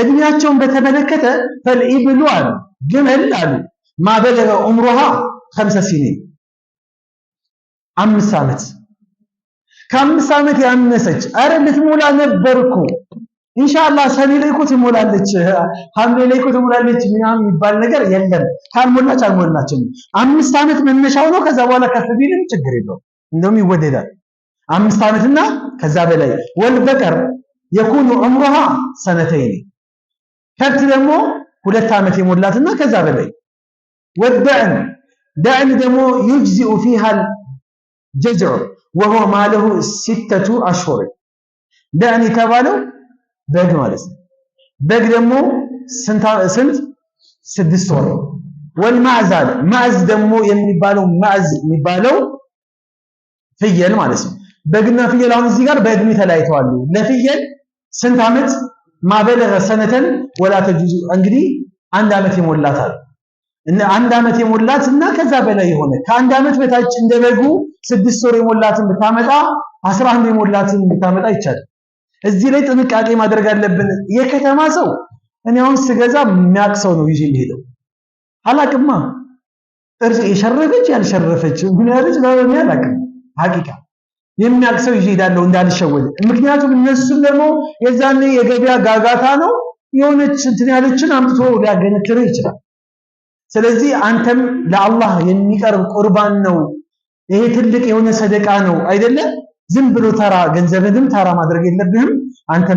እድሜያቸውን በተመለከተ ፈልኢብሉ አሉ ግመል አሉ ማበለገ ዑምሩሃ ከምሰ ሲኒን አምስት ዓመት ከአምስት ዓመት ያነሰች አረ ልትሞላ ነበርኩ ኢንሻአላህ ሰኔ ላይ እኮ ትሞላለች ሐምሌ ላይ እኮ ትሞላለች ምናምን የሚባል ነገር የለም። ካልሞላች አልሞላችም። አምስት ዓመት መነሻው ነው። ከዛ በኋላ ከፍ ቢልም ችግር የለውም እንደውም ይወደዳል። አምስት ዓመትና ከዛ በላይ ወልበቀር የኩኑ ዑምሩሃ ሰነተይን ከብት ደግሞ ሁለት ዓመት የሞላትና ከዛ በላይ ወዳዕን ዳዕን ደግሞ ዩጅዚኡ ፊሃ ጀዝዑ ወሆ ማለሁ ሲተቱ አሽሁር ዳዕን የተባለው በግ ማለት ነው። በግ ደግሞ ስንት ስድስት ወር ወልማዕዝ አለ። ማዕዝ ደግሞ የሚባለው ማዕዝ የሚባለው ፍየል ማለት ነው። በግና ፍየል አሁን እዚህ ጋር በእድሜ ተለያይተዋሉ። ለፍየል ስንት ዓመት ማበለገ ሰነተን ወላ ተጁዙ እንግዲህ አንድ ዓመት የሞላታል እና አንድ ዓመት የሞላት እና ከዛ በላይ የሆነ ከአንድ ዓመት በታች እንደበጉ ስድስት ወር የሞላትን ብታመጣ አስራ አንድ የሞላትን ብታመጣ ይቻላል። እዚህ ላይ ጥንቃቄ ማድረግ አለብን። የከተማ ሰው እኔ አሁን ስገዛ የሚያውቅ ነው ይዤ የሚሄደው አላቅማ፣ ጥርስ የሸረፈች ያልሸረፈች ምን ያለች ነው አላቅም ሀቂቃ የሚያውቅ ሰው ይዤ እሄዳለሁ እንዳልሸወድ። ምክንያቱም እነሱም ደግሞ የዛኔ የገበያ ጋጋታ ነው። የሆነች እንትን ያለችን አምጥቶ ሊያገነትርህ ይችላል። ስለዚህ አንተም ለአላህ የሚቀርብ ቁርባን ነው። ይሄ ትልቅ የሆነ ሰደቃ ነው አይደለ? ዝም ብሎ ተራ ገንዘብህም ተራ ማድረግ የለብህም አንተም